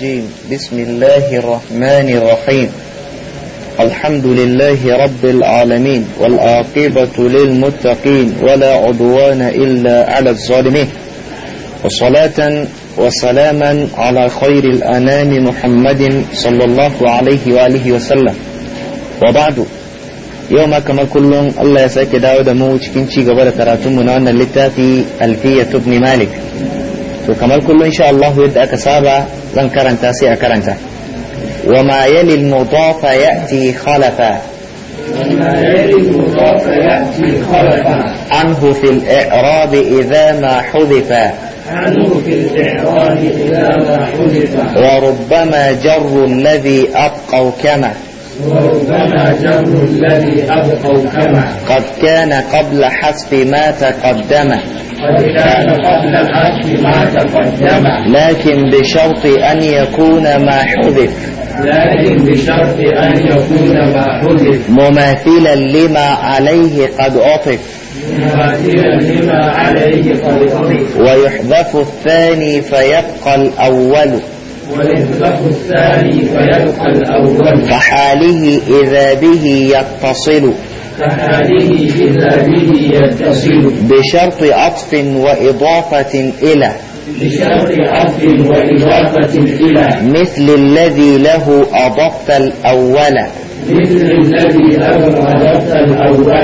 الرجيم بسم الله الرحمن الرحيم الحمد لله رب العالمين والعاقبة للمتقين ولا عدوان إلا على الظالمين وصلاة وسلاما على خير الأنام محمد صلى الله عليه وآله وسلم وبعد يوم كما كل الله يساك داود موج كنشي قبل كراتم من أن التافي ألفية ابن مالك to kamar kullum insha Allah yadda aka saba zan karanta sai a karanta وما يلي المضاف يأتي خلفا وما يلي المضاف يأتي خلفا عنه في الإعراب إذا ما حذف عنه في الإعراب إذا ما حذف وربما جر الذي أبقوا كما وربما جر الذي أبقوا كما قد كان قبل حذف ما تقدم قد كان قبل حذف ما تقدم لكن بشرط أن يكون ما حذف لكن بشرط أن يكون ما حذف مماثلا لما عليه قد عطف لما عليه قد عطف ويحذف الثاني فيبقى الأول ويطلق الثاني فيبقى الأول فحاله إذا به يتصل فحاله إذا به يتصل بشرط عطف وإضافة إلى بشرط عطف وإضافة إلى مثل الذي له أضفت الأول مثل الذي له أضفت الأول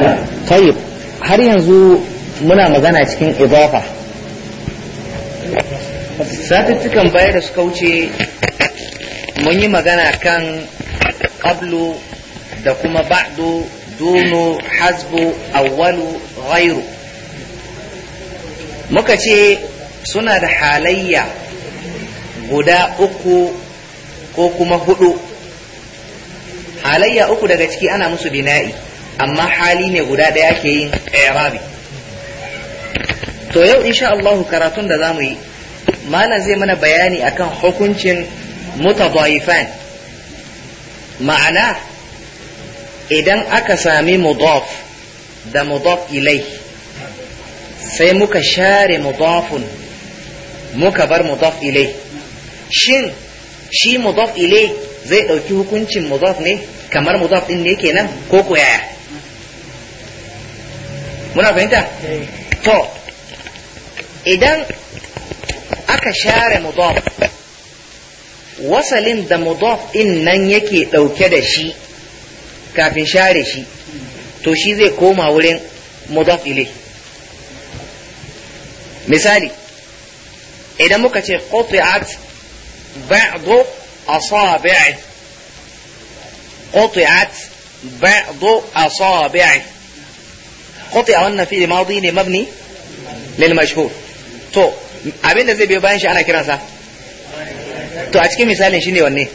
طيب هل ينزو منا مغانا cikin إضافة satuttukan baya da suka wuce mun yi magana kan qablu da kuma ba'du dunu hasbu awwalu ghairu muka ce suna da halayya guda uku ko kuma hudu halayya uku daga ciki ana musu bina'i amma hali ne guda ɗaya ke yin irabi to yau insha Allah karatun da za mu yi malam zai mana bayani akan hukuncin mutadaifan ma'ana idan aka sami mudaf da mudaf ilai sai muka share mudafun muka bar mudaf ilai shin shi mudaf ilai zai ɗauki hukuncin mudaf ne kamar mudaf ɗin ne kenan ko ko yaya muna fahimta eh. to idan aka share mudaf wasalin da mudaf din nan yake ɗauke da shi kafin share shi to shi zai koma wurin mudaf ile misali idan muka ce qati'at ba'du asabi'i قطعت بعض أصابعه قطع أن في الماضي مبني للمجهول تو Abinda zai biyo bayan shi ana kiransa to a cikin misalin shine wanne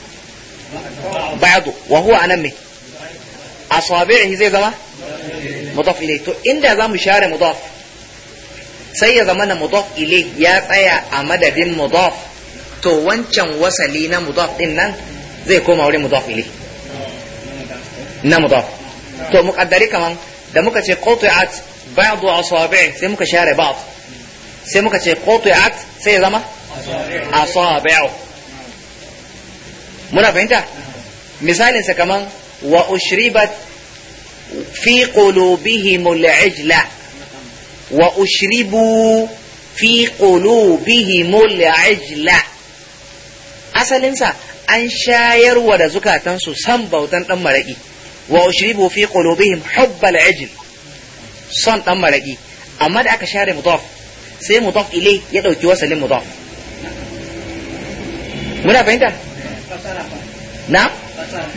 ba'du wa huwa anan me asabihi zai zama mudaf ilay to inda zamu share mudaf sai ya zama na mudaf ilay ya tsaya a madadin mudaf to wancan wasali na mudaf din nan zai koma wurin mudaf ilay na mudaf to muqaddari kaman da muka ce qati'at ba'du asabi' sai muka share ba'd sai muka ce qati'at sai zama asabi'u muna fahimta misalin sa kaman wa ushribat fi qulubihim al'ijla wa ushribu fi qulubihim al'ijla asalin sa an shayarwa da zukatansu san bautan dan maraki wa ushribu fi qulubihim hubbal ajl son dan maraki amma da aka share mudaf sai mudaf ilai ya dauki wasalin mudaf muna fahimta na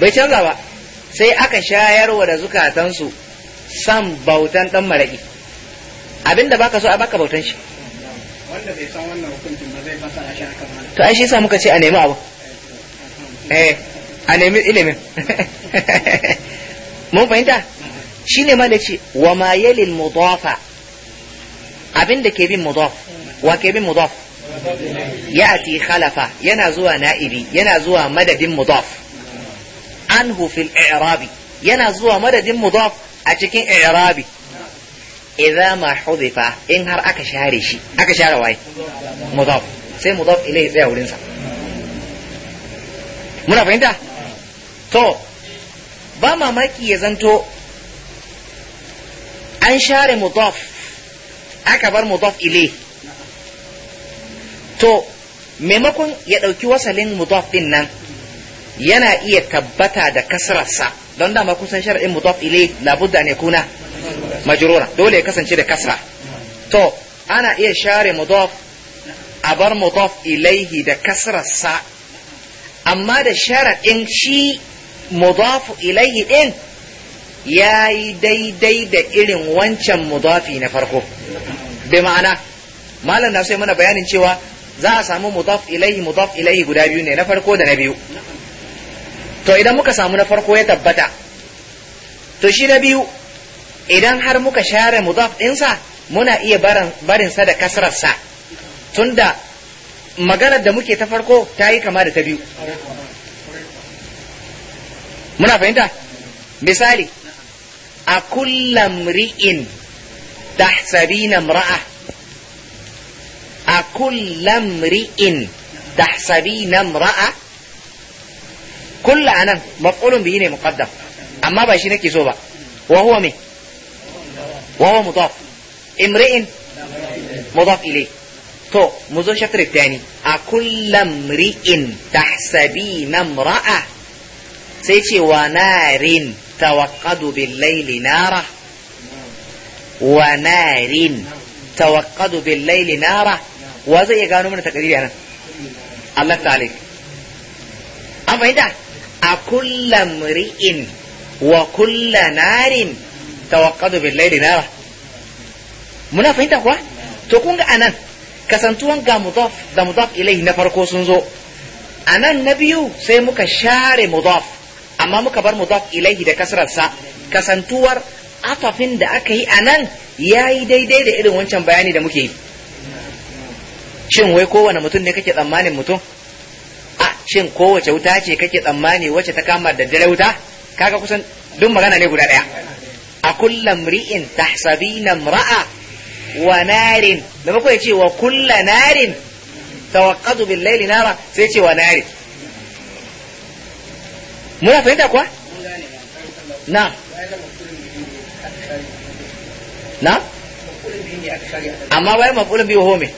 bai canza ba sai aka shayarwa da zukatansu san bautan dan maraki abinda baka so a baka bautan shi wanda bai san wannan hukuncin ba zai fasara shi akan to ai shi sa muka ce a nemi abu eh a nemi ilimin mun fahimta shine ma ne ce wa ma yalil mudafa abin da ke bin mudaf wa ke bin mudaf ya'ti khalafa yana zuwa na'ibi yana zuwa madadin mudaf anhu fil i'rabi yana zuwa madadin mudaf a cikin i'rabi idza ma hudifa in har aka share shi aka share waye mudaf sai mudaf ilayhi tsaya wurin sa muna fahimta to ba mamaki ya zanto an share mudaf aka bar mudaf ile to maimakon ya ɗauki wasalin mudaf ɗin nan yana iya tabbata da kasrarsa don dama kusan shar'in mudaf ile labudda ne kuna majrura dole ya kasance da kasra to ana iya share mudaf a bar mudaf ilaihi da kasrarsa amma da shar'in shi mudaf ilaihi ɗin ya yi daidai da irin wancan mudafi na farko bai ma'ana malam na sai mana bayanin cewa za a samu mudaf ilaihi mudaf ilaihi guda biyu ne na farko da na biyu to idan muka samu na farko ya tabbata to shi na biyu idan har muka share mudaf ɗinsa muna iya barinsa da kasrarsa tunda maganar da muke ta farko ta yi kama da ta biyu muna fahimta misali أكل امرئ تحسبين امرأة أكل امرئ تحسبين امرأة كل أنا مفعول به مقدم أما بشينك يسوبا وهو مي وهو مضاف امرئ مضاف إليه تو مزو شطر الثاني أكل امرئ تحسبين امرأة sai ce wa narin tawakkadu bil laili nara wa narin tawakkadu bil laili nara wa zai iya gano mana takariri anan Allah ta'ala an fahimta a kullam ri'in wa kulla narin tawakkadu bil laili nara muna fahimta kuwa to kun ga anan kasantuwan ga mudaf da mudaf ilai na farko sun zo anan na biyu sai muka share mudaf amma muka bar mudaf ilaihi da kasrarsa kasantuwar atafin da aka yi a nan ya yi daidai da irin wancan bayani da muke yi shin wai kowane mutum ne kake tsammanin mutum a shin kowace wuta ce kake tsammani wacce ta kama da dare wuta kaga kusan duk magana ne guda daya a kullum ri'in tahsabina mra'a wa narin da mako ce wa kulla narin tawaqqadu bil layli nara sai ce wa narin muna fahimta kuwa na na amma wai mafulun biyu home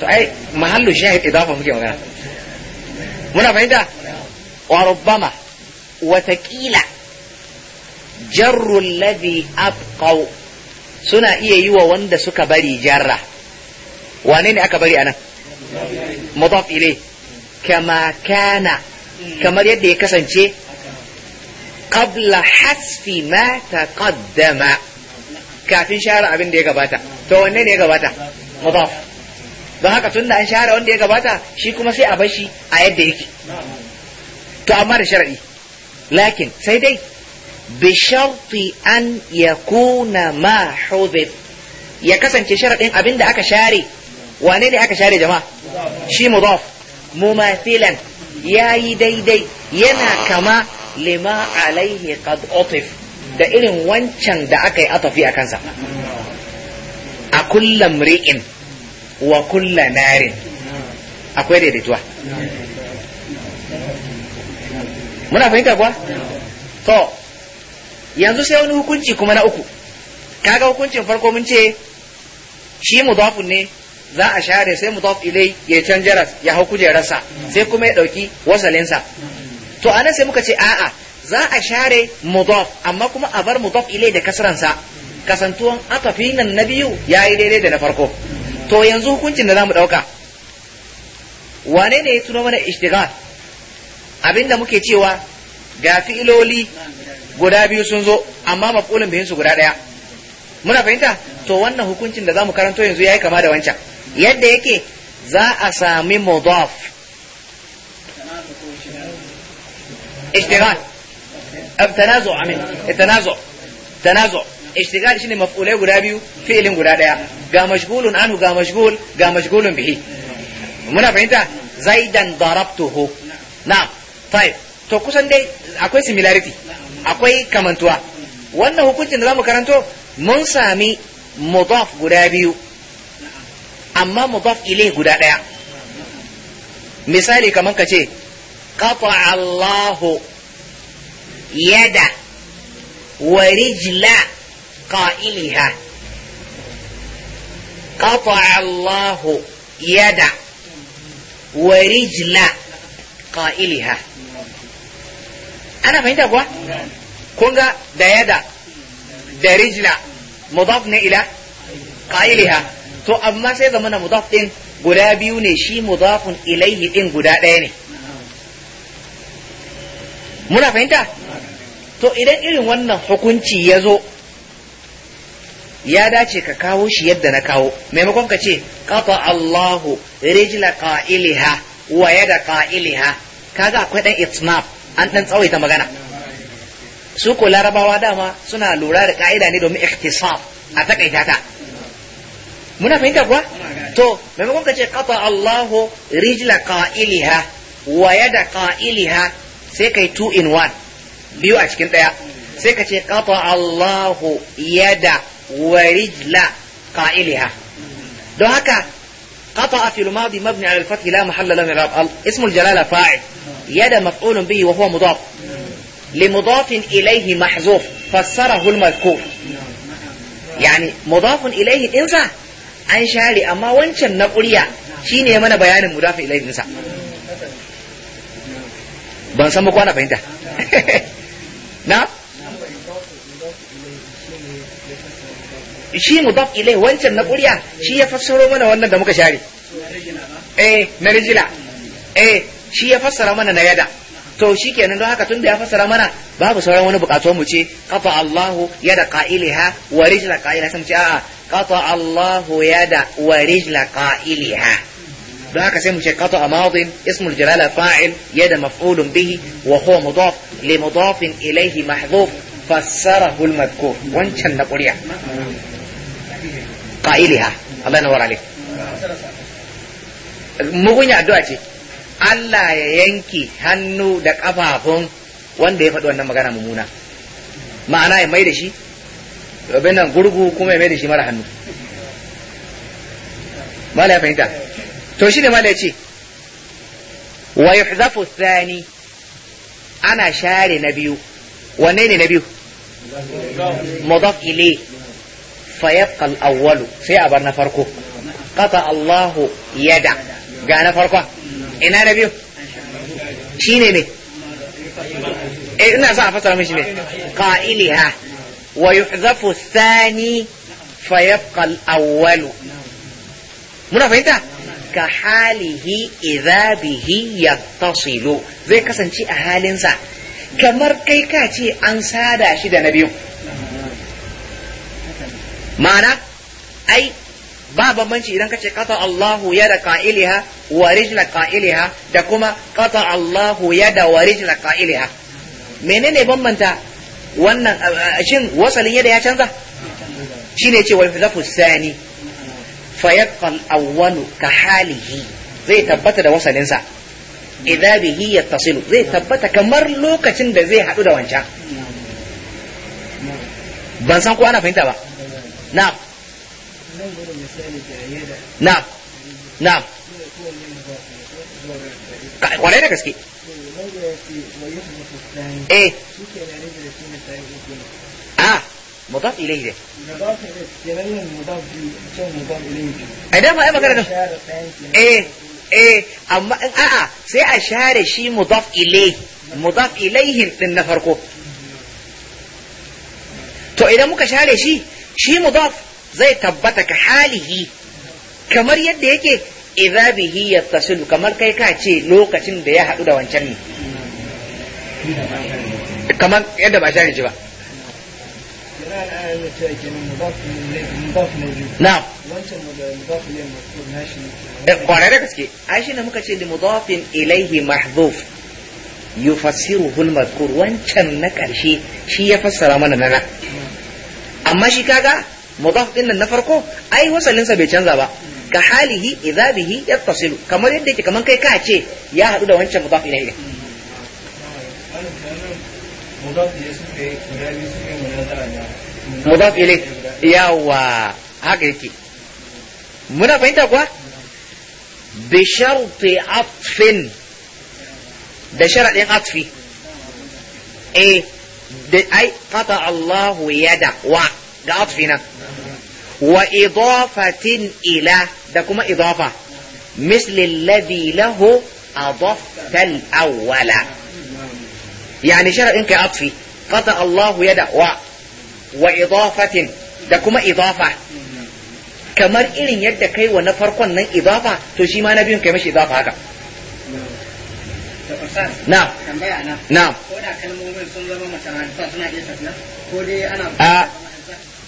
to ai mahallu shahid idafa muke magana muna fahimta wa rubbama watakila jarrul ladhi abqaw suna iya yi wa wanda suka bari jarra wane ne aka bari anan mudaf ilay kama kana kamar yadda ya kasance qabla hasfi ma taqaddama kafin share abin da ya gabata to wanne ne ya gabata mudaf don haka tunda an share wanda ya gabata shi kuma sai a bar shi a yadda yake to amma da sharadi lakin sai dai bi sharti an yakuna ma hudith ya kasance sharadin abin da aka share wane ne aka share jama'a shi mudaf mumathilan yayi daidai yana kama lima alaihi qad otif da irin wancan da aka yi atafi a kansa a kullum ri'in wa kulla narin akwai daidaituwa muna fahimta kuwa to yanzu sai wani hukunci kuma na uku kaga hukuncin farko mun ce shi mudafun ne za a share sai mudaf ilai ya can jaras ya hau kujerarsa sai kuma ya ɗauki wasalinsa to anan sai muka ce a'a za a share mudaf amma kuma a bar mudaf ilai da kasransa kasantuwan fi nan na biyu ya yi daidai da na farko to yanzu hukuncin da za mu ɗauka wane ne ya tuno mana ishtigal abinda muke cewa ga fi'iloli guda biyu sun zo amma maf'ulin bihinsu guda ɗaya muna fahimta to wannan hukuncin da za mu karanto yanzu ya yi kama da wancan yadda yake za a sami mudaf ishtigal tanazo amin tanazo tanazo ishtigal shine mafule guda biyu fi'ilin guda daya ga mashghulun anhu ga mashghul ga mashghulun bihi muna fahimta zaidan darabtuhu na'am tayyib to kusan dai akwai similarity akwai kamantuwa wannan hukuncin da zamu karanto mun sami mudaf guda biyu amma mudaf ilai guda ɗaya misali kamar ka ce kafa Allahu yada wa rijla qa'iliha kafa Allahu yada wa rijla qa'iliha ana fahimta kuwa Kunga da yada da rijla mudaf ne ila qa'iliha to amma sai zama na mudaf din guda biyu ne shi mudafun ilaihi din guda ɗaya ne muna fahimta to idan irin wannan hukunci ya zo ya dace ka kawo shi yadda na kawo maimakon ka ce kafa Allahu rijla qa'iliha wa yada qa'iliha kaga akwai dan itnaf an dan tsawaita magana su ko larabawa dama suna lura da ka'ida ne domin ikhtisaf a takaita ta منافقين كفوا تو من يقول كذي قطع الله رجل قائلها ويد قائلها سكي تو إن وان بيو أشكنت يا سكي قطع الله يد ورجل قائلها ده هكا قطع في الماضي مبني على الفتح لا محل له من اسم الجلالة فاعل يد مفعول به وهو مضاف لمضاف إليه محذوف فسره المذكور يعني مضاف إليه انسى an share amma wancan na ƙurya shine ne mana bayanin mudafi ilai dinsa ban san ba kwana fahimta na shi mudaf ilai wancan na ƙurya shi ya fassaro mana wannan da muka share eh na rijila eh shi ya fassara mana na yada to shi kenan don haka tun da ya fassara mana babu sauran wani bukatu mu ce kafa Allahu yada qailiha wa rijla qailiha sai mu ce a'a kata Allahu yada wa rijla qailiha da haka sai mu ce kata amadin ismul jalala fa'il yada maf'ulun bihi wa huwa mudaf li mudafin ilayhi mahdhuf fassarahu al madhkur addu'a ce Allah ya yanki hannu da ƙafafun wanda ya faɗi wannan magana mummuna ma'ana ya mai da shi abin nan gurgu kuma ya mai da shi mara hannu mala ya fahimta to shi ne mala ya ce wa yuhzafu thani ana share na biyu wanne ne na biyu mudaf ilay fa yabqa al sai a bar na farko qata Allahu yada ga na farko ina na biyu shine ne eh ina sa a fasara mishi ne qa'iliha ويحذف الثاني فيبقى الأول muna fahimta ka halihi idza bihi yattasilu zai kasance a halinsa kamar kai ka ce an sada shi da na biyu ma'ana ai idan ka ce qata Allahu yada qa'iliha wa rijla da kuma qata Allahu yada wa rijla menene bambanta wannan shin wasalin yadda ya canza shine ce wal filafu sani fa yabqa awwalu ka halihi zai tabbata da wasalinsa idza bihi yattasilu zai tabbata kamar lokacin da zai hadu da wancan ban san ko ana fahimta ba na'am na'am na'am kwarai da gaske eh ah, a mudaf ilayhi ne ba ai magana eh eh amma in a'a sai a share shi mudaf ilayhi mudaf ilayhi din na farko to idan muka share shi shi mudaf zai tabbata ka halihi kamar yadda yake idza ya yattasilu kamar kai ka ce lokacin da ya haɗu da wancan ne kamar yadda ba shari'a shi ba na'am eh, kwarai da gaske ashi na muka ce da mudafin ilaihi mahzuf yufassiru al-madhkur wancan na karshe shi ya fassara mana nana amma shi kaga mudaf din nan na farko ai wasalinsa bai canza ba ka halihi idza bihi yattasilu kamar yadda yake kamar kai ka ce ya hadu da wancan mudaf ilaihi mudaf ilai yawa haka yake muna fahimta kuwa bi sharti atfin da sharaɗin atfi E, da ai qata Allahu yada wa ga na? wa idafatin ila da kuma idafa misli alladhi lahu adafta al-awwala yani sharaɗin kai atfi qata Allahu yada wa wa idafatin da kuma idafa kamar irin yadda kai wa na farkon nan idafa to shi ma na biyun kai mashi idafa haka na na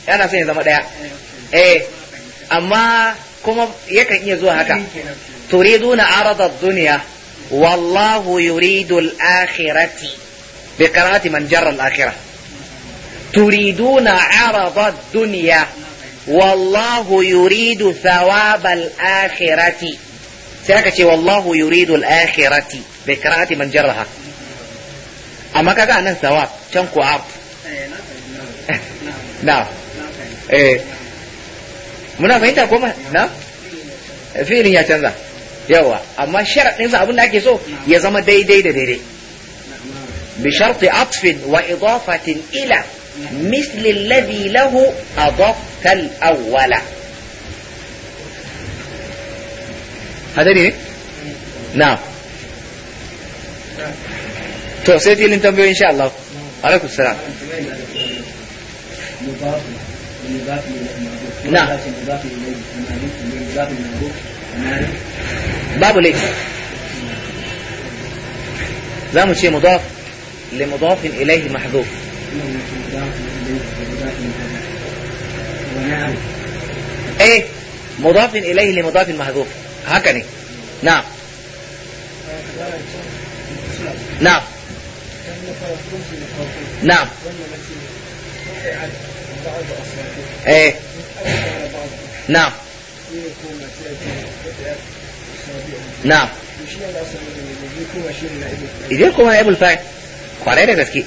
yana son ya zama ɗaya eh amma kuma yakan iya zuwa haka turiduna arada duniya wallahu al akhirati بقراءة من جر الآخرة تريدون عرض الدنيا والله يريد ثواب الآخرة سيكتي والله يريد الآخرة بقراءة من جرها أما كذا أنا ثواب تنكو عرض نعم إيه muna fahimta ko ma na filin ya canza yawa amma sharaɗinsa abin da ake so ya zama daidai da daidai بشرط عطف وإضافة إلى مثل الذي له أضفت الأول هذا ليه؟ نعم توصيتي اللي انتم ان شاء الله عليكم السلام نعم باب ليه؟ za شيء مضاف لمضاف إليه محذوف ايه مضاف إليه لمضاف محذوف هكذا نعم نعم نعم ايه نعم نعم يجيكم نائب الفاعل kwarai da gaske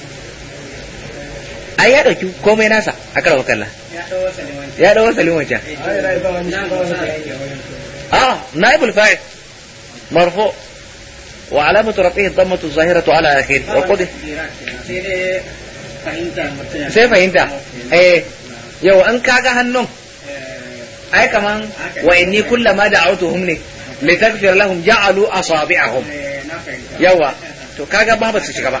ai ya dauki komai nasa a karwa kalla ya dawo salin wancan ah naibul fa'il marfu wa alamatu rafihi dhammatu zahiratu ala akhir wa qudi sai fahimta eh yau an kaga hannun eh. ai kaman wa inni kullama da'awtuhum ne litaghfir lahum ja'alu asabi'ahum eh, yawa to kaga ba ba su shiga ba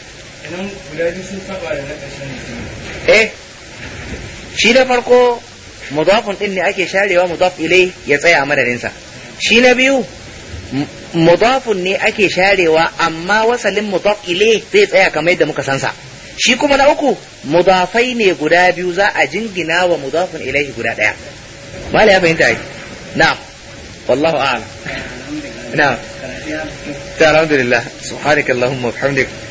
idan eh shi na farko mudafun din ne ake sharewa mudaf ilai ya tsaya a madadinsa shi na biyu mudafun ne ake sharewa amma wasalin mudaf ilai zai tsaya kamar yadda muka sansa shi kuma na uku mudafai ne guda biyu za a jingina wa mudafun ilaihi guda ɗaya mala ya fahimta ai na. wallahu a'lam na'am alhamdulillah subhanakallahumma wa bihamdika